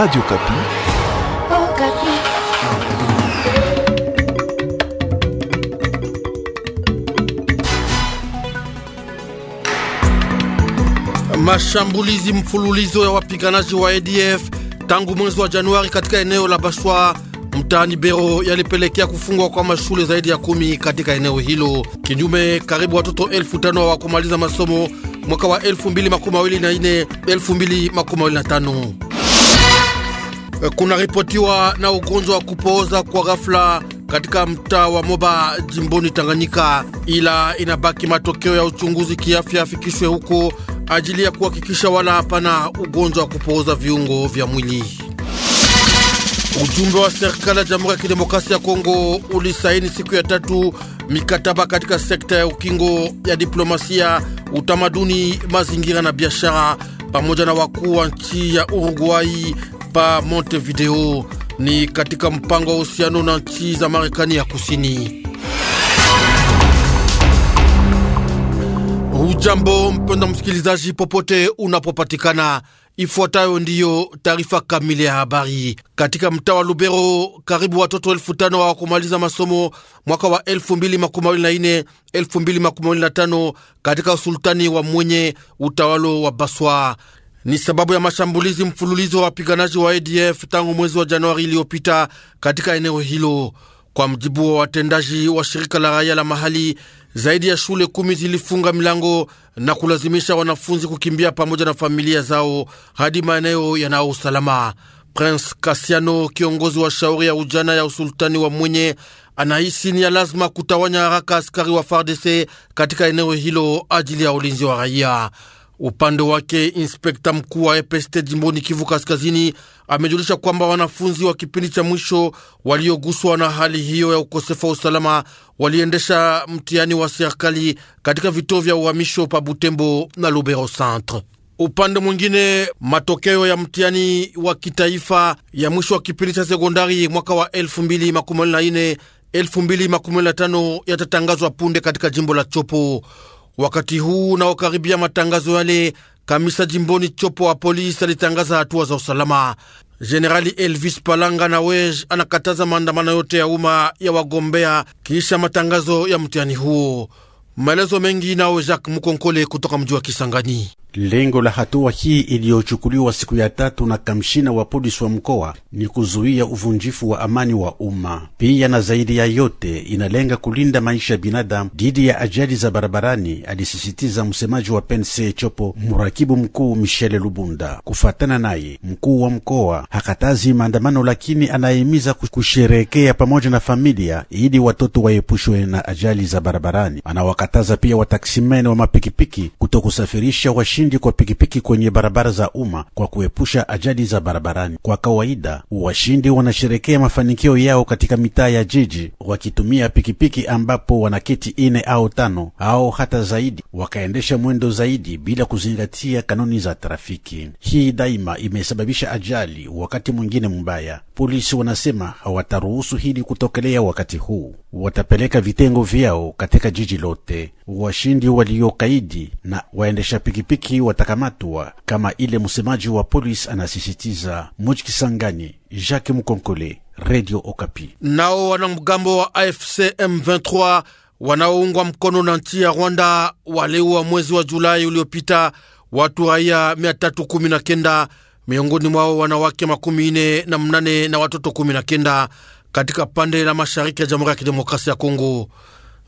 Radio Kapi. Oh, Kapi. Mashambulizi mfululizo ya wapiganaji wa ADF tangu mwezi wa Januari katika eneo la Bashwa mtaani Bero yalipelekea kufungwa kwa mashule zaidi ya kumi katika eneo hilo. Kinyume, karibu watoto elfu tano kumaliza masomo mwaka wa 2024 2025 kuna ripotiwa na ugonjwa wa kupooza kwa ghafla katika mtaa wa Moba jimboni Tanganyika, ila inabaki matokeo ya uchunguzi kiafya afikishwe huko ajili ya kuhakikisha wala hapana ugonjwa wa kupooza viungo vya mwili. Ujumbe wa serikali ya Jamhuri ya Kidemokrasia ya Kongo ulisaini siku ya tatu mikataba katika sekta ya ukingo, ya diplomasia, utamaduni, mazingira na biashara pamoja na wakuu wa nchi ya Uruguai hapa Montevideo ni katika mpango wa uhusiano na nchi za Marekani ya Kusini. Ujambo mpenda msikilizaji, popote unapopatikana, ifuatayo ndiyo taarifa kamili ya habari. Katika mtaa wa Lubero, karibu watoto elfu tano hawakumaliza masomo mwaka wa 2024 2025 katika usultani wa Mwenye, utawalo wa Baswa ni sababu ya mashambulizi mfululizo wa wapiganaji wa ADF tangu mwezi wa Januari iliyopita katika eneo hilo. Kwa mjibu wa watendaji wa shirika la raia la mahali, zaidi ya shule kumi zilifunga milango na kulazimisha wanafunzi kukimbia pamoja na familia zao hadi maeneo yanao usalama. Prince Kasiano, kiongozi wa shauri ya ujana ya usultani wa Mwenye, anahisi ni ya lazima kutawanya haraka askari wa FARDC katika eneo hilo ajili ya ulinzi wa raia. Upande wake inspekta mkuu wa EPST jimboni Kivu Kaskazini amejulisha kwamba wanafunzi wa kipindi cha mwisho walioguswa na hali hiyo ya ukosefu wa usalama waliendesha mtihani wa serikali katika vituo vya uhamisho pa Butembo na Lubero Centre. Upande mwingine, matokeo ya mtihani wa kitaifa ya mwisho wa kipindi cha sekondari mwaka wa 2024 2025 yatatangazwa punde katika jimbo la Chopo. Wakati huu unaokaribia matangazo yale, kamisa jimboni Chopo wa polisi alitangaza hatua za usalama. Jenerali Elvis Palanga na Wej anakataza maandamano yote ya umma ya wagombea kisha matangazo ya mtihani huo. Maelezo mengi nao Jacques Mukonkole kutoka mji wa Kisangani. Lengo la hatua hii iliyochukuliwa siku ya tatu na kamshina wa polisi wa mkoa ni kuzuia uvunjifu wa amani wa umma. Pia na zaidi ya yote, inalenga kulinda maisha ya binadamu dhidi ya ajali za barabarani, alisisitiza msemaji wa pense chopo mrakibu mkuu Michele Lubunda. Kufatana naye, mkuu wa mkoa hakatazi maandamano, lakini anahimiza kusherekea pamoja na familia ili watoto waepushwe na ajali za barabarani. Anawakataza pia wataksimeni wa mapikipiki kutokusafirisha washi ushindi kwa pikipiki kwenye barabara za umma kwa kuepusha ajali za barabarani. Kwa kawaida, washindi wanasherekea mafanikio yao katika mitaa ya jiji wakitumia pikipiki, ambapo wanaketi ine au tano au hata zaidi, wakaendesha mwendo zaidi bila kuzingatia kanuni za trafiki. Hii daima imesababisha ajali, wakati mwingine mbaya. Polisi wanasema hawataruhusu hili kutokelea wakati huu watapeleka vitengo vyao katika jiji lote. Washindi waliokaidi na waendesha pikipiki watakamatwa, kama ile msemaji wa polisi anasisitiza. Muji Kisangani, Jacques Mkonkole, Radio Okapi. Nao wanamgambo wa AFC M23 wanaoungwa mkono na nchi ya Rwanda waliua mwezi wa Julai uliopita watu raia 319 miongoni mwao wanawake makumi ine na mnane na watoto kenda katika pande la mashariki ya Jamhuri ya Kidemokrasia ya Kongo.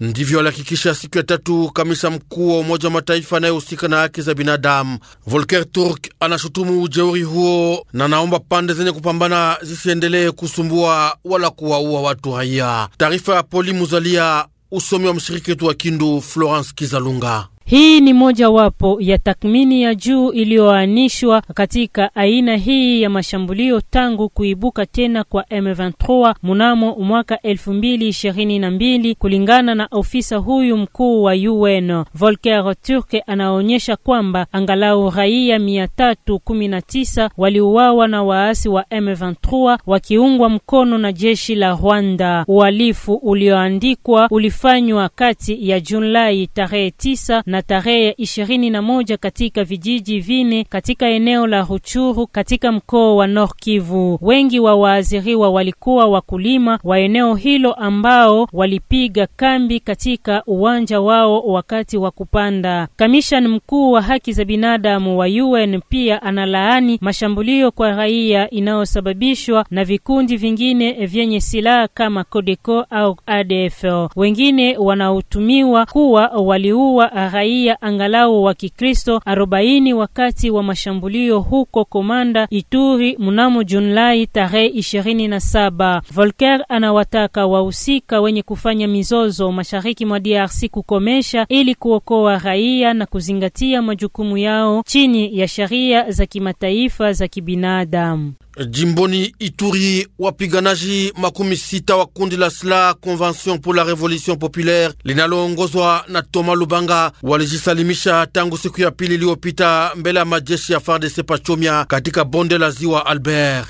Ndivyo alihakikisha siku ya tatu kamisa mkuu wa Umoja wa Mataifa anayehusika na haki za binadamu. Volker Turk anashutumu ujeuri huo na naomba pande zenye kupambana zisiendelee kusumbua wala kuwaua watu raia. Taarifa ya Poli Muzalia, usomi wa mshiriki wetu wa Kindu Florence Kizalunga. Hii ni mojawapo ya tathmini ya juu iliyoanishwa katika aina hii ya mashambulio tangu kuibuka tena kwa M23 mnamo mwaka 2022 kulingana na ofisa huyu mkuu wa UN. Volker Turk anaonyesha kwamba angalau raia 319 waliuawa na waasi wa M23 wakiungwa mkono na jeshi la Rwanda. Uhalifu ulioandikwa ulifanywa kati ya Julai tarehe 9 na na tarehe ishirini na moja katika vijiji vine katika eneo la Ruchuru katika mkoa wa North Kivu. Wengi wa waathiriwa walikuwa wakulima wa eneo hilo ambao walipiga kambi katika uwanja wao wakati wa kupanda. kamishan mkuu wa haki za binadamu wa UN pia analaani mashambulio kwa raia inayosababishwa na vikundi vingine vyenye silaha kama CODECO au ADF. Wengine wanaotumiwa kuwa waliua raia angalau wa Kikristo arobaini wakati wa mashambulio huko Komanda, Ituri mnamo Julai tarehe ishirini na saba. Volker anawataka wahusika wenye kufanya mizozo mashariki mwa DRC kukomesha ili kuokoa raia na kuzingatia majukumu yao chini ya sheria za kimataifa za kibinadamu. Jimboni Ituri, wapiganaji makumi sita wa kundi la SLA Convention pour la Revolution Populaire linaloongozwa na Toma Lubanga walijisalimisha tangu siku ya pili iliyopita mbele ya majeshi ya FARDC Pachomia katika bonde la ziwa Albert.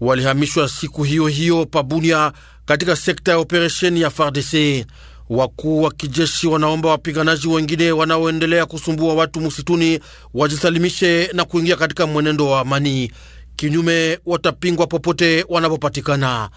Walihamishwa siku hiyo hiyo Pabunia katika sekta ya operesheni ya FARDC. Wakuu wa kijeshi wanaomba wapiganaji wengine wanaoendelea kusumbua watu msituni wajisalimishe na kuingia katika mwenendo wa amani. Kinyume watapingwa popote wanapopatikana.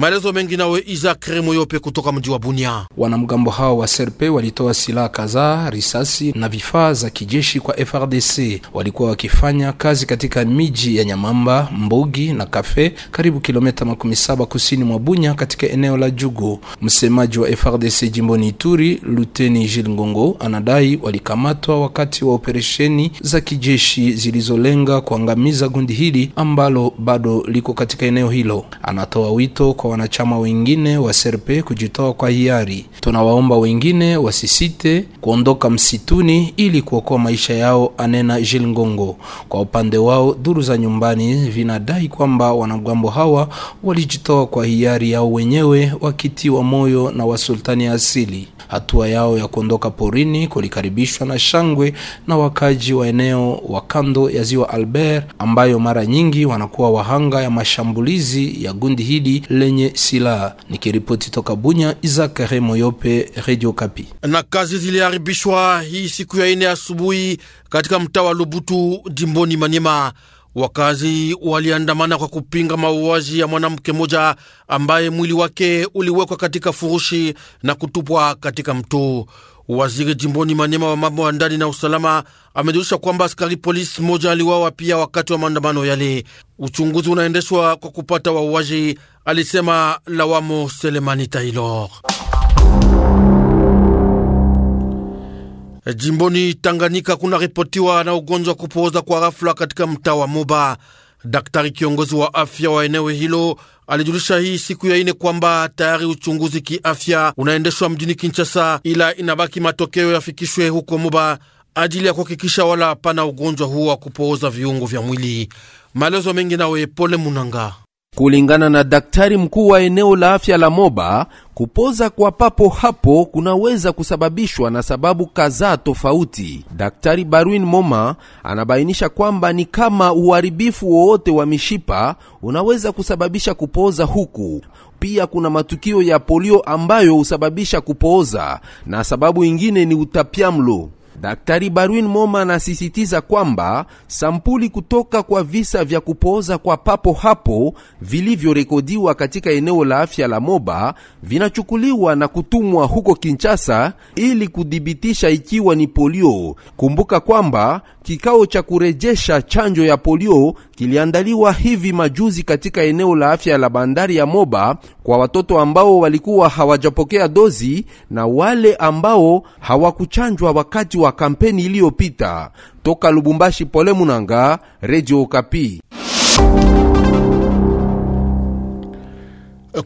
Maelezo mengi nawe Isaac Remoyope kutoka mji wa Bunia. Wanamgambo hao wa Serpe walitoa silaha kadhaa, risasi na vifaa za kijeshi kwa FRDC. Walikuwa wakifanya kazi katika miji ya Nyamamba, Mbogi na Kafe, karibu kilomita makumi saba kusini mwa Bunya, katika eneo la Jugu. Msemaji wa FRDC jimboni Ituri, Luteni Jil Ngongo, anadai walikamatwa wakati wa operesheni za kijeshi zilizolenga kuangamiza gundi hili ambalo bado liko katika eneo hilo. Anatoa wito kwa kwa wanachama wengine wa serpe kujitoa kwa hiari. Tunawaomba wengine wasisite kuondoka msituni ili kuokoa maisha yao, anena Jil Ngongo. Kwa upande wao, duru za nyumbani vinadai kwamba wanamgambo hawa walijitoa kwa hiari yao wenyewe, wakitiwa moyo na wasultani asili. Hatua yao ya kuondoka porini kulikaribishwa na shangwe na wakaji wa eneo wa kando ya ziwa Albert, ambayo mara nyingi wanakuwa wahanga ya mashambulizi ya gundi hili lenye wenye silaha. Nikiripoti toka Bunya, Izakare Moyope, Radio Kapi. Na kazi ziliharibishwa hii siku ya ine asubuhi katika mtaa wa Lubutu jimboni Maniema. Wakazi waliandamana kwa kupinga mauaji ya mwanamke mmoja ambaye mwili wake uliwekwa katika furushi na kutupwa katika mto. Waziri jimboni Manyema wa mambo ya ndani na usalama amejulisha kwamba askari polisi mmoja aliwawa pia wakati wa maandamano yale. Uchunguzi unaendeshwa kwa kupata wauaji alisema Lawamo Selemani Taylor. Jimboni Tanganyika kuna ripotiwa na ugonjwa kupooza kwa ghafula katika mtaa wa Moba. Daktari kiongozi wa afya wa eneo hilo alijulisha hii siku ya ine kwamba tayari uchunguzi kiafya unaendeshwa mjini Kinshasa, ila inabaki matokeo yafikishwe huko Moba ajili ya kuhakikisha wala hapana ugonjwa huo wa kupooza viungo vya mwili. Maelezo mengi nawe Pole Munanga. Kulingana na daktari mkuu wa eneo la afya la Moba, kupoza kwa papo hapo kunaweza kusababishwa na sababu kadhaa tofauti. Daktari Barwin Moma anabainisha kwamba ni kama uharibifu wowote wa mishipa unaweza kusababisha kupooza huku. Pia kuna matukio ya polio ambayo husababisha kupooza, na sababu ingine ni utapiamlo. Daktari Barwin Moma anasisitiza kwamba sampuli kutoka kwa visa vya kupooza kwa papo hapo vilivyorekodiwa katika eneo la afya la Moba vinachukuliwa na kutumwa huko Kinshasa ili kudhibitisha ikiwa ni polio. Kumbuka kwamba kikao cha kurejesha chanjo ya polio kiliandaliwa hivi majuzi katika eneo la afya la bandari ya Moba kwa watoto ambao walikuwa hawajapokea dozi na wale ambao hawakuchanjwa wakati wa kampeni iliyopita. Toka Lubumbashi, Pole Munanga, Radio Okapi.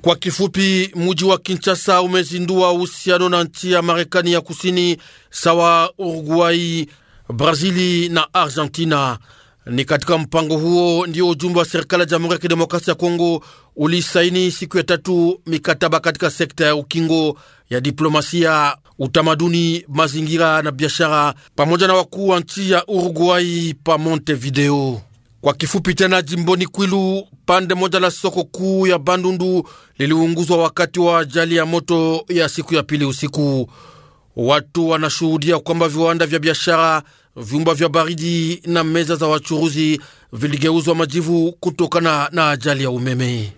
Kwa kifupi, muji wa Kinshasa umezindua uhusiano na nchi ya Marekani ya Kusini sawa Uruguai, Brazili na Argentina. Ni katika mpango huo ndio ujumbe wa serikali ya Jamhuri ya Kidemokrasia ya Kongo ulisaini siku ya tatu mikataba katika sekta ya ukingo, ya diplomasia, utamaduni, mazingira na biashara, pamoja na wakuu wa nchi ya Uruguay pa Montevideo. Kwa kifupi tena, jimboni Kwilu, pande moja la soko kuu ya Bandundu liliunguzwa wakati wa ajali ya moto ya siku ya pili usiku. Watu wanashuhudia kwamba viwanda vya biashara vyumba vya baridi na meza za wachuruzi viligeuzwa majivu kutokana na ajali ya umeme.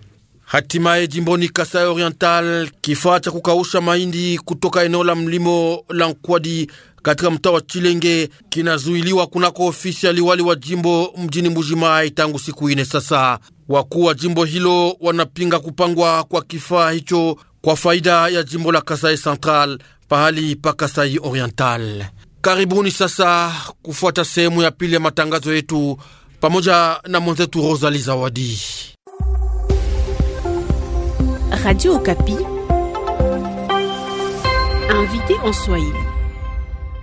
Hatimaye jimboni Kasai Oriental, kifaa cha kukausha mahindi kutoka eneo la mlimo la Nkwadi katika mtaa wa Chilenge kinazuiliwa kunako ofisi ya liwali wa jimbo mjini Mbujimai tangu siku ine sasa. Wakuu wa jimbo hilo wanapinga kupangwa kwa kifaa hicho kwa faida ya jimbo la Kasai Central pahali pa Kasai Oriental. Karibuni sasa kufuata sehemu ya pili ya matangazo yetu pamoja na mwenzetu Rosali Zawadi.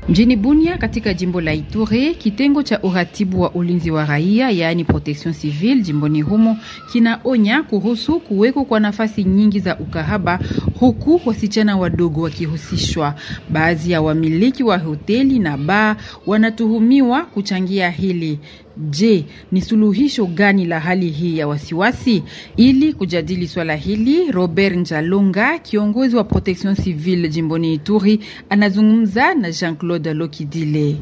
Mjini Bunia katika jimbo la Ituri, kitengo cha uratibu wa ulinzi wa raia yaani protection civile jimboni humo kinaonya kuhusu kuwekwa kwa nafasi nyingi za ukahaba huku wasichana wadogo wakihusishwa. Baadhi ya wamiliki wa hoteli na baa wanatuhumiwa kuchangia hili. Je, ni suluhisho gani la hali hii ya wasiwasi? Ili kujadili swala hili, Robert Njalonga, kiongozi wa Protection Civile jimboni Ituri, anazungumza na Jean-Claude Lokidile.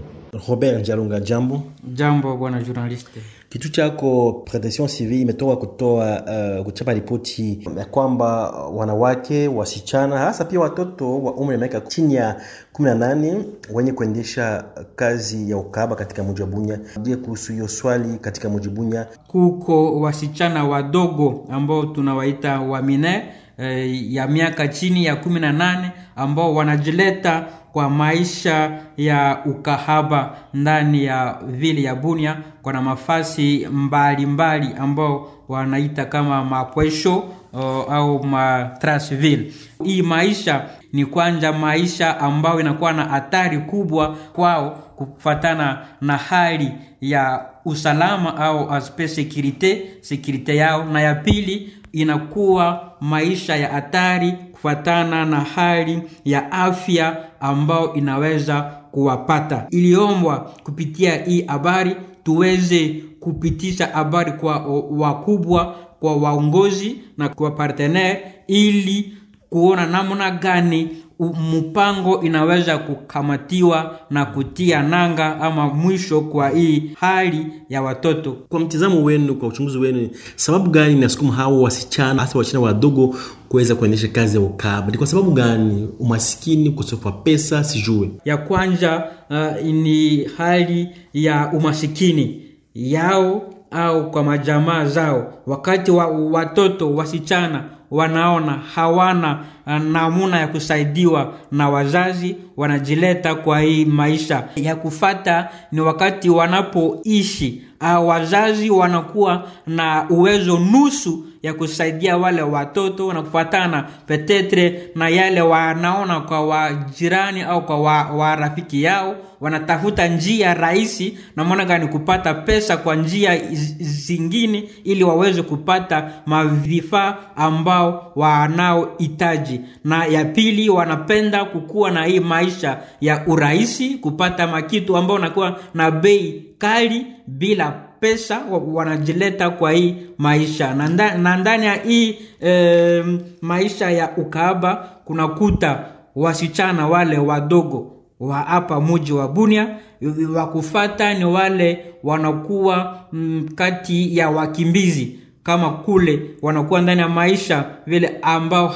Robert Jalunga, jambo. Jambo bwana journalist. Kitu chako protection civil imetoka kutoa uh, kuchapa ripoti ya kwamba wanawake, wasichana, hasa pia watoto wa umri wa miaka chini ya 18 wenye kuendesha kazi ya ukaba katika mji wa Bunya. Je, kuhusu hiyo swali katika mji Bunya, kuko wasichana wadogo ambao tunawaita wamine eh, ya miaka chini ya 18 ambao wanajileta kwa maisha ya ukahaba ndani ya vile ya Bunia. Kuna mafasi mbalimbali ambao wanaita kama mapwesho uh, au matrasville. Hii maisha ni kwanja maisha ambayo inakuwa na hatari kubwa kwao kufatana na hali ya usalama au aspe securite yao, na ya pili inakuwa maisha ya hatari kufuatana na hali ya afya ambayo inaweza kuwapata. Iliombwa kupitia hii habari tuweze kupitisha habari kwa wakubwa, kwa waongozi na kwa partenaire ili kuona namna gani mpango inaweza kukamatiwa na kutia nanga ama mwisho kwa hii hali ya watoto. Kwa mtizamo wenu, kwa uchunguzi wenu, sababu gani inasukuma hao wasichana hasa wasichana wadogo kuweza kuendesha kazi ya ukahaba? Ni kwa sababu gani? Umasikini, kusofa pesa, sijue. Ya kwanza uh, ni hali ya umasikini yao au kwa majamaa zao, wakati wa watoto wasichana wanaona hawana uh, namuna ya kusaidiwa na wazazi, wanajileta kwa hii maisha ya kufata. Ni wakati wanapoishi uh, wazazi wanakuwa na uwezo nusu ya kusaidia wale watoto na kufuatana petetre na yale wanaona kwa wajirani au kwa wa, wa rafiki yao wanatafuta njia rahisi namona gani kupata pesa kwa njia zingine ili waweze kupata mavifaa ambao wanaohitaji na ya pili wanapenda kukuwa na hii maisha ya urahisi kupata makitu ambao nakuwa na bei kali bila pesa wanajileta kwa hii maisha na ndani ya hii e, maisha ya ukaaba kunakuta wasichana wale wadogo wa hapa muji wa Bunia wakufata ni wale wanakuwa m, mm, kati ya wakimbizi kama kule wanakuwa ndani ya maisha vile ambao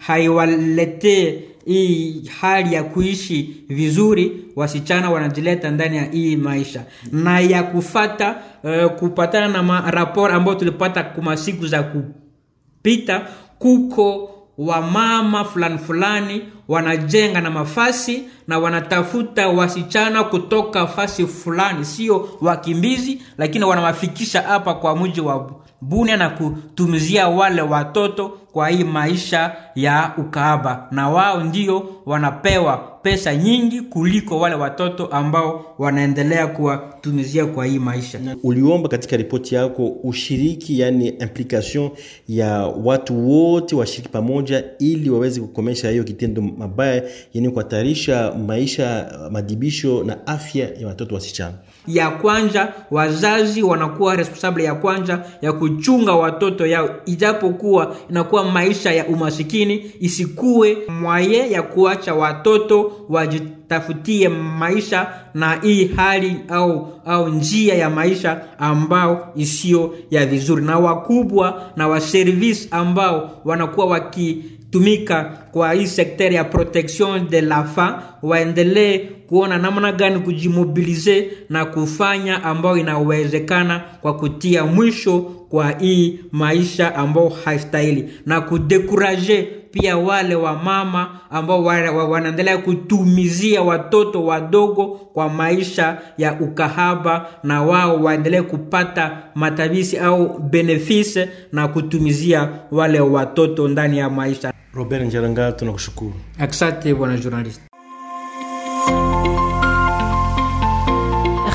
haiwaletee hai hii hali ya kuishi vizuri, wasichana wanajileta ndani ya hii maisha na ya kufata uh, kupatana na marapor ambayo tulipata kuma siku za kupita, kuko wamama fulani fulani wanajenga na mafasi na wanatafuta wasichana kutoka fasi fulani, sio wakimbizi, lakini wanawafikisha hapa kwa mji wa bune na kutumizia wale watoto kwa hii maisha ya ukaaba, na wao ndio wanapewa pesa nyingi kuliko wale watoto ambao wanaendelea kuwatumizia kwa hii maisha. Uliomba katika ripoti yako ushiriki, yani implication ya watu wote washiriki pamoja, ili waweze kukomesha hiyo kitendo mabaya yani kuhatarisha maisha, madibisho na afya ya watoto wasichana ya kwanja, wazazi wanakuwa responsable ya kwanja ya kuchunga watoto yao, ijapokuwa inakuwa maisha ya umasikini, isikuwe mwaye ya kuacha watoto wajitafutie maisha na hii hali au au njia ya maisha ambao isiyo ya vizuri, na wakubwa na waservisi ambao wanakuwa waki kutumika kwa hii sekta ya protection de lafa waendelee kuona namna gani kujimobilize na kufanya ambayo inawezekana kwa kutia mwisho kwa hii maisha ambayo haistahili na kudekuraje pia wale wa mama ambao wanaendelea kutumizia watoto wadogo kwa maisha ya ukahaba, na wao waendelee kupata matabisi au benefise na kutumizia wale watoto ndani ya maisha. Robert njeranga tunakushukuru. Asante bwana journalist.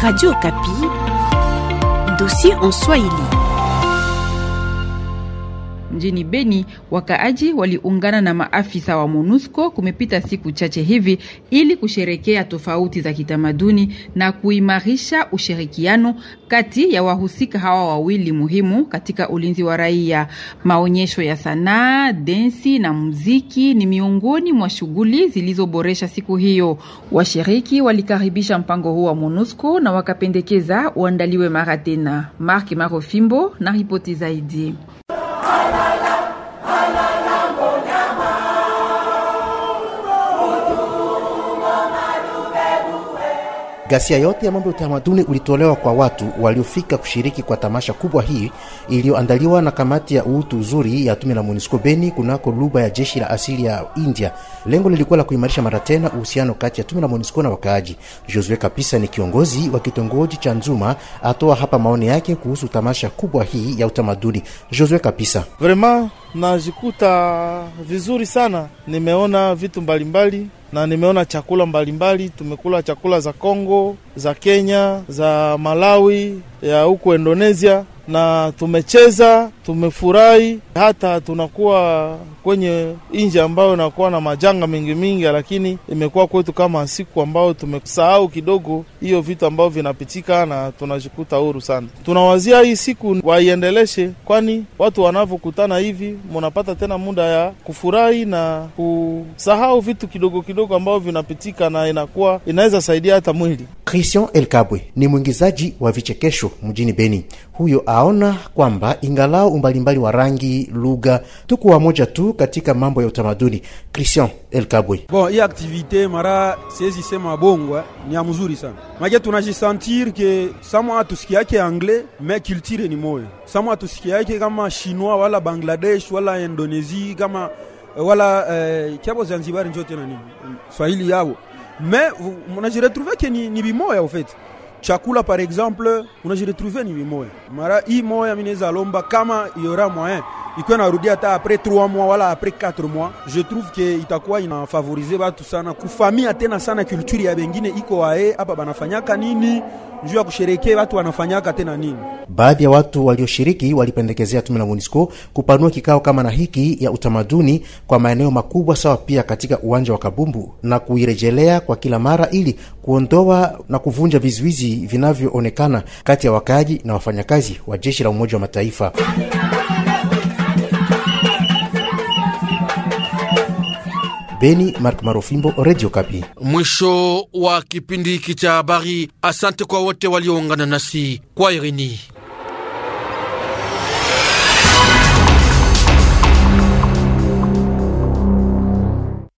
Radio Kapi, dossier en Swahili. Mjini Beni, wakaaji waliungana na maafisa wa MONUSCO kumepita siku chache hivi ili kusherekea tofauti za kitamaduni na kuimarisha ushirikiano kati ya wahusika hawa wawili muhimu katika ulinzi wa raia. Maonyesho ya sanaa, densi na muziki ni miongoni mwa shughuli zilizoboresha siku hiyo. Washiriki walikaribisha mpango huu wa MONUSCO na wakapendekeza uandaliwe mara tena. Mark Marofimbo na ripoti zaidi. Ghasia yote ya mambo ya utamaduni ulitolewa kwa watu waliofika kushiriki kwa tamasha kubwa hii iliyoandaliwa na kamati ya uutu uzuri ya tume la MONUSCO Beni kunako luba ya jeshi la asili ya India. Lengo lilikuwa la kuimarisha mara tena uhusiano kati ya tume la MONUSCO na wakaaji. Josue Kapisa ni kiongozi wa kitongoji cha Nzuma, atoa hapa maoni yake kuhusu tamasha kubwa hii ya utamaduni. Josue Kapisa: Vrema najikuta vizuri sana, nimeona vitu mbalimbali mbali na nimeona chakula mbalimbali mbali. Tumekula chakula za Kongo, za Kenya, za Malawi, ya huku Indonesia na tumecheza, tumefurahi, hata tunakuwa kwenye nji ambayo inakuwa na majanga mingi mingi, lakini imekuwa kwetu kama siku ambayo tumesahau kidogo hiyo vitu ambavyo vinapitika na tunajikuta huru sana. Tunawazia hii siku waiendeleshe, kwani watu wanavyokutana hivi munapata tena muda ya kufurahi na kusahau vitu kidogo kidogo ambavyo vinapitika na inakuwa inaweza saidia hata mwili. Christian Elkabwe ni mwingizaji wa vichekesho mjini Beni huyo aona kwamba ingalau umbalimbali wa rangi, lugha, tuko wamoja tu katika mambo ya utamaduni. Christian Elkabwe: bon, hii aktivite mara siwezi sema bongwa, eh, ni ya mzuri sana maje, tunajisentir ke samwa atusikiake anglais me culture ni moyo, samwa atusikiake kama chinois wala Bangladesh wala Indonesia kama eh, wala eh, chabo Zanzibar njo tena nini mm, Swahili yao me mnajiretrouve ke ni, ni bimoya au fait chakula par exemple, unajiri trouver ni moya mara i moya minaweza lomba kama iora moyen eh. ikiwa narudia hata apres 3 mois wala apres 4 mois, je trouve ke itakuwa inafavorize batu sana kufamia tena sana kulturi ya bengine iko wae hapa banafanyaka nini njuu ya kusherekea watu wanafanyaka tena nini. Baadhi ya watu walioshiriki walipendekezea tume la MONUSCO kupanua kikao kama na hiki ya utamaduni kwa maeneo makubwa sawa pia katika uwanja wa Kabumbu na kuirejelea kwa kila mara ili kuondoa na kuvunja vizuizi vinavyoonekana kati ya wakaaji na wafanyakazi wa jeshi la Umoja wa Mataifa. Beni, Mark Marofimbo, Radio Kapi. Mwisho wa kipindi hiki cha habari. Asante kwa wote walioungana nasi kwa Irini.